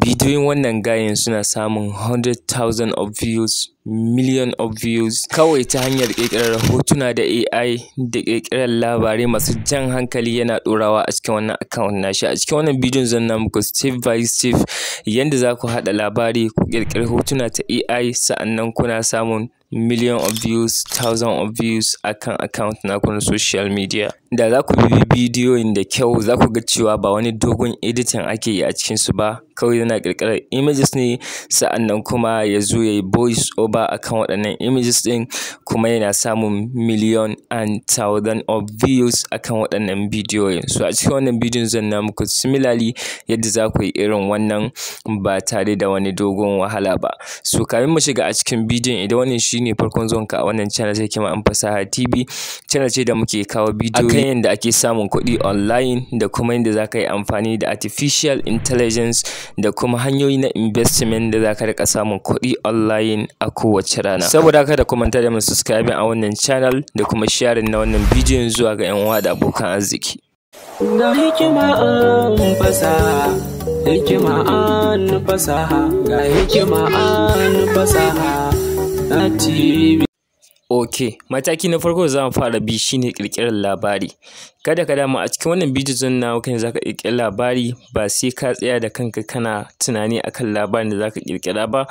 bidiyon wannan gayen suna samun 100,000 of views Million of views kawai ta hanyar kirkirar hotuna da AI da ƙirƙirar labarai masu jan hankali yana ɗorawa a cikin wannan account nashi. A cikin wannan bidiyon zan na muku step by step yanda za ku haɗa labari ku ƙirƙiri hotuna ta AI sa'annan kuna samun million of views, thousand of views akan account naku na social media. Da za ku bi bidiyo da kyau za ku ga cewa ba wani dogon editing ake yi a cikin su ba, kawai yana ƙirƙirar images ne sa'annan kuma ya zo ya yi voice over number akan waɗannan images ɗin kuma yana samun million and thousand of views akan waɗannan bidiyoyin so a cikin wannan bidiyon zan na muku similarly yadda za ku yi irin wannan ba tare da wani dogon wahala ba so kafin mu shiga a cikin bidiyon idan wannan shine farkon ka a wannan channel sai kima an fasaha tv channel ce da muke kawo bidiyo kan yadda ake samun kuɗi online da kuma yadda za ka yi amfani da artificial intelligence da kuma hanyoyi na investment da za ka riƙa samun kuɗi online a kowace rana saboda haka da ku manta da mu subscribe a wannan channel da kuma sharin na wannan bidiyon zuwa ga yan uwa da abokan arziki da hikima an fasa hikima an fasa ga hikima an fasaha na TV Ok, mataki na farko da mu fara bi shine ƙirƙirar labari. kada ka dama a cikin wannan bidiyo zan nawo kan zaka kirkiri labari ba sai ka tsaya da kanka kana tunani akan labarin da zaka kirkira ba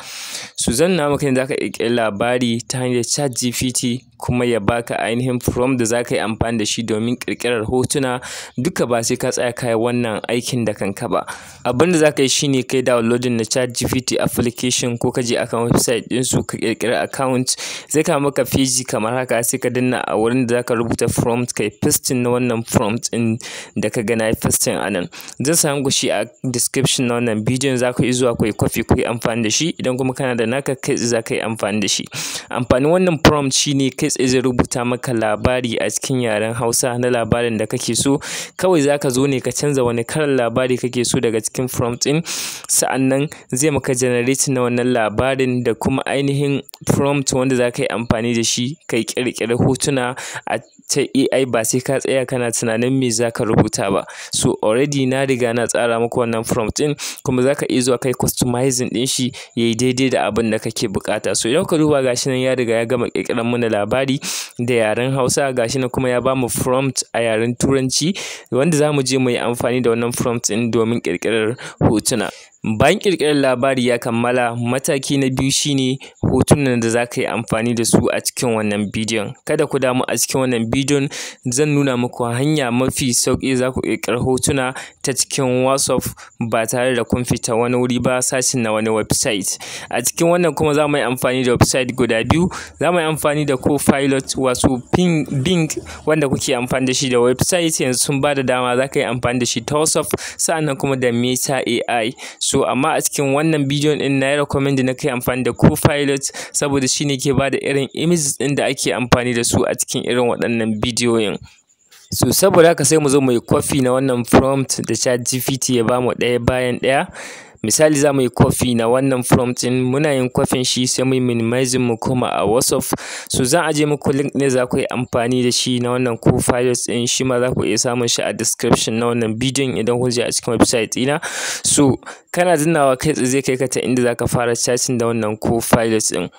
su zan nawo kan zaka kirkiri labari ta hanyar chat gpt kuma ya baka ainihin from da zaka yi amfani da shi domin kirkirar hotuna duka ba sai ka tsaya ka yi wannan aikin da kanka ba abin da zaka yi shine kai downloading na chat gpt application ko ka je akan website din su ka ƙirƙira account zai ka maka page kamar haka sai ka danna a wurin da zaka rubuta prompt kai pasting na wannan prompt ɗin da ka ga na yi a nan. Zan sa muku shi a description na wannan bidiyon za ku yi zuwa ku yi copy ku yi amfani da shi idan kuma kana da naka kai za ka yi amfani da shi. Amfanin wannan prompt shi ne kai tsaye zai rubuta maka labari a cikin yaren Hausa na labarin da kake so. Kawai za ka zo ne ka canza wani kalan labari kake so daga cikin prompt ɗin sa'annan zai maka generate na wannan labarin da kuma ainihin prompt wanda za ka yi amfani da shi ka ƙirƙiri hotuna a ta AI ba sai ka tsaya kana tunanin me za ka rubuta ba. So already na riga na tsara maka wannan prompt ɗin kuma za ka iya zuwa ka yi customizing ɗin shi yayi daidai da abin da kake bukata So idan kuka duba gashi nan ya riga ya gama ƙirƙiran mana labari da yaren Hausa gashi shi nan kuma ya bamu prompt a yaren Turanci wanda za mu je mu yi amfani da wannan prompt ɗin domin ƙirƙirar hotuna. Bayan ƙirƙirar labari ya kammala, mataki na biyu shi ne hotunan da za ka yi amfani da su a cikin wannan bidiyon. Kada ku damu a cikin wannan bidiyon zan nuna muku hanya mafi sauƙi za ku ƙirƙiri hotuna ta cikin WhatsApp ba tare da kun fita wani wuri ba sashin na wani website. A cikin wannan kuma za mu yi amfani da website guda biyu. Za mu yi amfani da Copilot wasu Bing wanda kuke amfani da shi da website yanzu sun ba da dama za ka yi amfani da shi ta WhatsApp sa'annan kuma da Meta AI. So amma a cikin wannan bidiyo din na yi recommend na kai amfani da Copilot saboda shi ne ke ba da irin images ɗin da ake amfani da su a cikin irin waɗannan bidiyoyin. So saboda haka sai mu zo mu yi copy na wannan prompt da ChatGPT ya bamu ɗaya bayan ɗaya. Misali za mu yi copy na wannan prompt ɗin, muna yin copy shi sai mu yi minimizing mu kuma a WhatsApp. So zan ajiye muku link ɗin za ku yi amfani da shi na wannan Copilot ɗin, shi ma za ku iya samun shi a description na wannan bidiyon idan kun je a cikin website ɗina. So kana dannawa kai tsaye zai kai ka ta inda za ka fara chatting da wannan ko Copilot ɗin.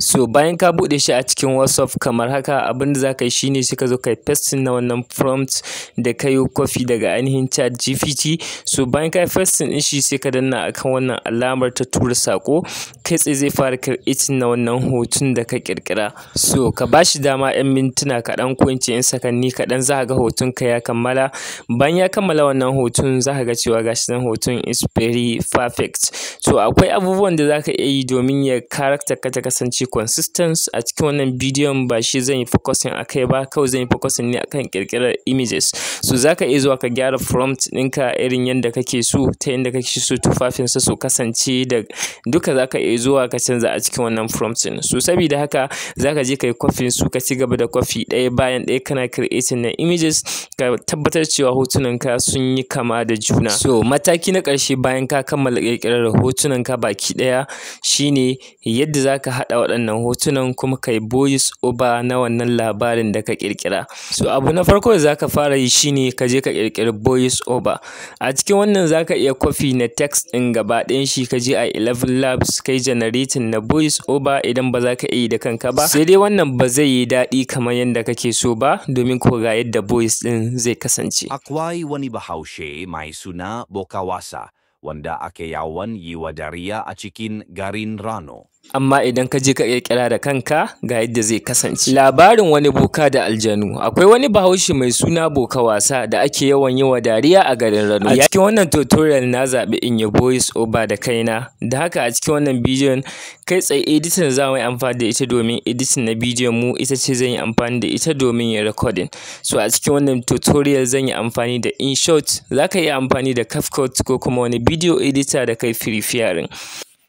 So bayan ka buɗe shi a cikin WhatsApp kamar haka abinda zaka za ka yi shine sai ka zo ka yi pasting na wannan prompt da ka yi copy daga ainihin chat GPT. So bayan ka yi pasting ɗin shi sai ka danna a kan wannan alamar ta tura sako kai tsaye zai fara creating na wannan hoton da ka ƙirƙira. So ka ba shi dama 'yan mintuna kaɗan ko in ce 'yan sakanni kaɗan za ka ga hoton ka ya kammala. Bayan ya kammala wannan hoton za ka ga cewa gashi nan hoton is very perfect. So akwai abubuwan da za ka iya yi domin ya character ka ta kasance consistence a cikin wannan bidiyon ba shi zan yi focusing a kai ba kawai zan yi focusing ne akan kirkirar images so za ka iya zuwa ka gyara prompt ɗinka irin yadda kake so ta yadda kake so tufafinsa su kasance da duka za ka iya zuwa ka canza a cikin wannan prompt ɗin so saboda haka za ka je ka yi kwafin su ka ci gaba da kwafi ɗaya bayan ɗaya kana creating na images ka tabbatar cewa hotunan ka sun yi kama da juna so mataki na ƙarshe bayan ka kammala kirkirar hotunan ka baki ɗaya shine yadda za ka haɗa waɗannan waɗannan hotunan kuma kai voice oba na wannan labarin da ka ƙirƙira so abu na farko da za ka fara yi shine ka je ka ƙirƙiri boyis oba a cikin wannan za ka iya kwafi na text ɗin gaba ɗayan shi ka je a 11 labs kai generating na voice oba idan ba za ka iya yi da kanka ba sai dai wannan ba zai yi daɗi kamar yadda kake so ba domin ko ga yadda voice ɗin zai kasance akwai wani bahaushe mai suna bokawasa wanda ake yawon yi wa dariya a cikin garin Rano. amma idan ka je ka ƙirƙira da kanka ga yadda zai kasance labarin wani boka da aljanu akwai wani bahaushe mai suna boka wasa da ake yawan yi wa dariya a garin rano a cikin wannan tutorial na zaɓi in yi voice over da kaina da haka a cikin wannan bidiyon kai tsaye editin za mu yi amfani da ita domin editin na bidiyon mu ita ce zan yi amfani da ita domin yin recording so a cikin wannan tutorial zan yi amfani da InShot za ka iya amfani da CapCut ko kuma wani video editor da kai free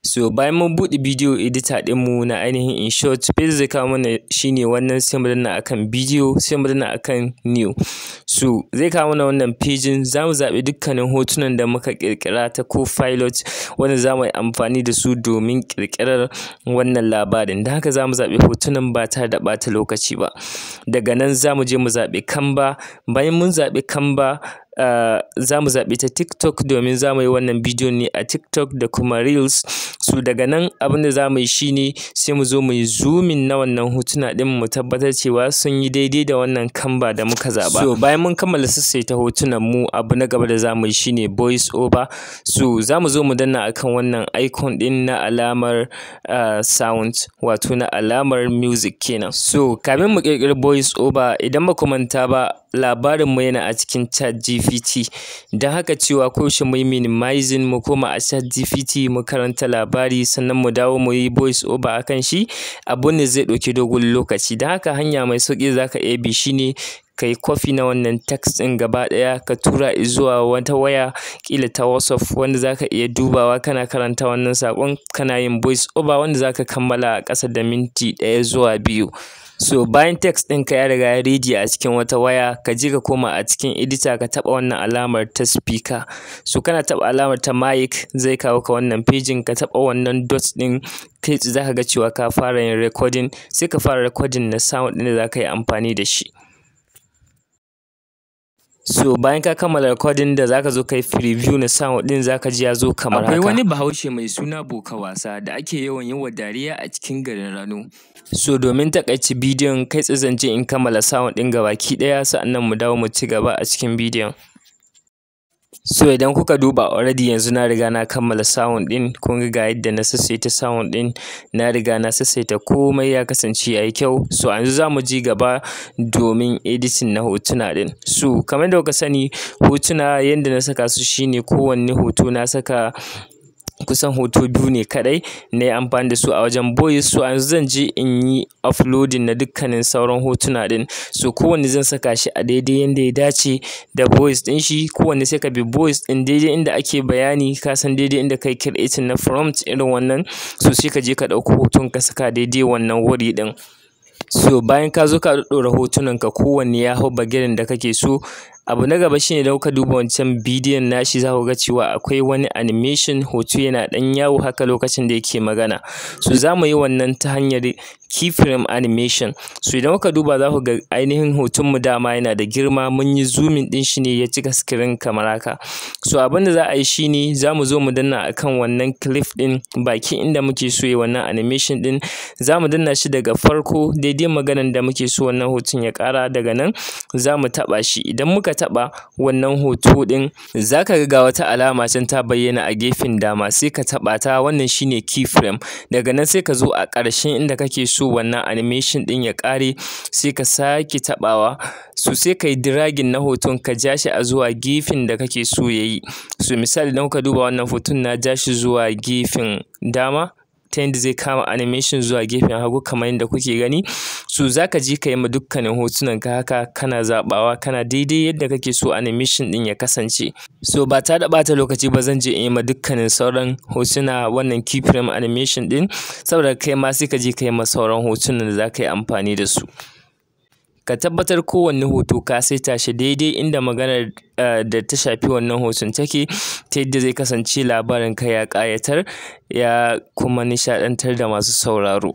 So bayan mun buɗe bidiyo editor ɗinmu na ainihin in short page zai kawo mana shine wannan sai mu danna akan bidiyo sai mu danna akan new. So zai kawo mana wannan pejin za mu zaɓi dukkanin hotunan da muka ƙirƙira ta ko pilot wanda za mu yi amfani da su domin ƙirƙirar wannan labarin. Da haka za mu zaɓi hotunan ba tare da ɓata lokaci ba. Daga nan za mu je mu zaɓi Canva bayan mun zaɓi Canva za mu zaɓi ta TikTok domin za mu yi wannan bidiyo ne a TikTok da kuma Reels. su daga nan abinda da za mu yi shi ne sai mu zo mu yi zoomin na wannan hotuna ɗin mu tabbatar cewa sun yi daidai da wannan kamba da muka zaɓa. So bayan mun kammala sassaita hotunan mu abu na gaba da za mu yi shi ne voice over. So za mu zo mu danna akan wannan icon ɗin na alamar sound wato na alamar music kenan. So kafin mu ƙirƙiri voice over idan ba ku manta ba labarinmu yana a cikin chat GPT. Don haka cewa koyaushe mu yi minimizing mu koma a chat GPT mu karanta labari sannan mu dawo mu yi voice over a shi abu ne zai ɗauki dogon lokaci. da haka hanya mai sauƙi zaka za ka iya bi shi ka yi copy na wannan text ɗin gaba ɗaya ka tura zuwa wata waya ƙila ta WhatsApp wanda za ka iya dubawa kana karanta wannan saƙon kana yin voice over wanda za ka kammala a ƙasa da minti ɗaya zuwa biyu. So bayan text ka ya riga ya rediyo a cikin wata waya ka je ka koma a cikin edita ka taɓa wannan alamar ta speaker. So kana taɓa alamar ta mic zai kawo ka wannan pejin ka taɓa wannan dot ɗin kai za ka ga cewa ka fara yin recording sai ka fara recording na sound ɗin da za ka yi amfani da shi. So bayan ka kammala rikodin da zaka zo kai preview na sound din zaka ji ya zo kamar haka. Akwai wani bahaushe mai suna Boka Wasa da ake yawan yi wa dariya a cikin garin Rano. So domin takaici bidiyon kai tsaye zan je in kammala sound din gabaki daya sa'annan mu dawo mu ci gaba a cikin bidiyon. So idan kuka duba already yanzu na riga na kammala sound ɗin kun ga ga yadda na sassaita sound ɗin na riga na sassaita komai ya kasance yayi kyau so yanzu mu ji gaba domin editing na hotuna din So kamar da kuka sani hotuna yanda na saka su shine kowanne hoto na saka kusan hoto biyu ne kaɗai na yi amfani da su a wajen boys. So yanzu zan je in yi uploading na dukkanin sauran hotuna din So kowanne zan saka shi a daidai yanda ya dace da boys ɗin shi. Kowanne sai ka bi boys ɗin daidai inda ake bayani ka san daidai inda kai na prompt irin wannan. So sai ka je ka ɗauko hoton ka saka daidai wannan wuri din So bayan ka zo ka ɗaɗɗora hotunan ka kowanne ya hau bagirin da kake so. abu na gaba shine da kuka duba wancan bidiyon nashi za ku ga cewa akwai wani animation hoto yana ɗan yawo haka lokacin da yake magana so za mu yi wannan ta hanyar keyframe animation so idan kuka duba za ku ga ainihin hoton mu dama yana da girma mun yi zooming ɗin shi ne ya cika screen kamar haka so abin da za a yi shine za mu zo mu danna akan wannan clip ɗin baki inda muke so yi wannan animation ɗin za mu danna shi daga farko daidai maganan da muke so wannan hoton ya kara daga nan za mu taɓa shi idan muka ka taɓa wannan hoto ɗin za ka ga wata alama can ta bayyana a gefen dama sai ka taɓa ta wannan shine keyframe daga nan sai ka zo a ƙarshen inda kake so wannan animation ɗin ya ƙare sai ka sake taɓawa so sai ka dragging na hoton ka ja shi a zuwa gefen da kake so yayi yi so misali dan ka duba wannan hoton na ja shi zuwa gefen dama ta yadda zai kama animation zuwa gefen hagu kamar yadda kuke gani so zaka je ka yi ma dukkanin hotunan ka haka kana zabawa kana daidai yadda kake so animation din ya kasance so ba ta da bata lokaci ba zan je in yi ma dukkanin sauran hotuna wannan keyframe animation din saboda kai ma sai ka je ka yi ma sauran hotunan da zaka yi amfani da su ka tabbatar kowanne hoto ka saita shi daidai inda maganar eh, da ta shafi wannan hoton take ta yadda zai kasance labarin ka ya ƙayatar ya kuma nishaɗantar da masu sauraro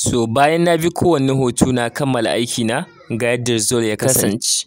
So bayan na bi kowanne hoto na kammala aiki na ga yadda zuwa ya kasance.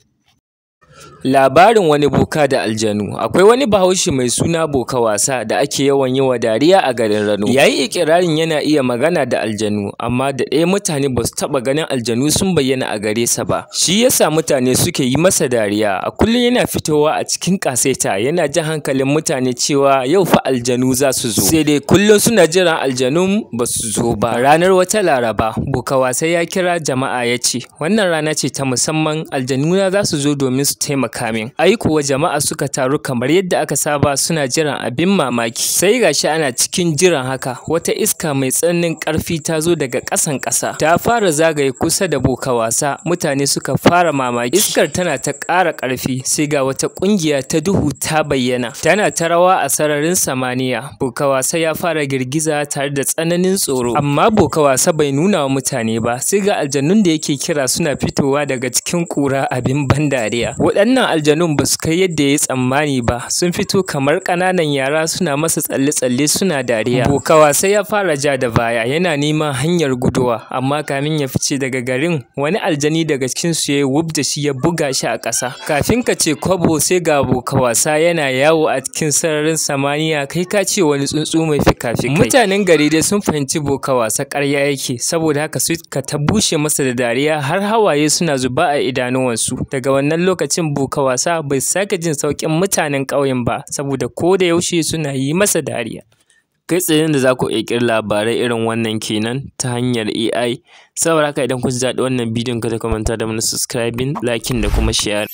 Labarin wani boka da aljanu. Akwai wani bahaushe mai suna Boka Wasa da ake yawan yi wa dariya a garin Rano. Ya yi iƙirarin yana iya magana da aljanu, amma da ɗaya mutane ba su taɓa ganin aljanu sun bayyana a gare sa ba. Shi ya sa mutane suke yi masa dariya. A kullum yana fitowa a cikin kaseta yana jan hankalin mutane cewa yau fa aljanu za su zo. Sai dai kullum suna jiran aljanu ba su zo ba. Ranar wata Laraba, Boka Wasa ya kira jama'a ya ce, wannan rana ce ta musamman aljanu na za su zo domin su taimaka taimaka min. Ai kuwa jama'a suka taru kamar yadda aka saba suna jiran abin mamaki. Sai gashi ana cikin jiran haka wata iska mai tsananin ƙarfi ta zo daga ƙasan ƙasa. Ta fara zagaye kusa da boka wasa mutane suka fara mamaki. Iskar tana ta ƙara ƙarfi sai ga wata ƙungiya ta duhu ta bayyana. Tana ta rawa a sararin samaniya. Boka wasa ya fara girgiza tare da tsananin tsoro. Amma boka wasa bai nuna wa mutane ba sai ga aljannun da yake kira suna fitowa daga cikin ƙura abin ban dariya. Waɗannan aljanun ba su kai yadda ya tsammani ba, sun fito kamar ƙananan yara suna masa tsalle-tsalle suna dariya. Bokawa sai ya fara ja da baya yana neman hanyar guduwa, amma kamin ya fice daga garin wani aljani daga cikin su ya wub da shi ya buga shi a ƙasa. Kafin ka ce kwabo sai ga bokawasa yana yawo a cikin sararin samaniya kai ka ce wani tsuntsu mai fika-fikai. Mutanen gari dai sun fahimci bokawasa ƙarya yake, saboda haka suka ta bushe masa da dariya har hawaye suna zuba a idanuwansu. Daga wannan lokacin rashin buka wasa bai sake jin sauƙin mutanen ƙauyen ba saboda ko da yaushe suna yi masa dariya. Kai tsaye da za ku ƙirƙiri labarai irin wannan kenan ta hanyar AI. Saboda haka idan kun ji daɗin wannan bidiyon ka ta manta da mana subscribing, liking da kuma share.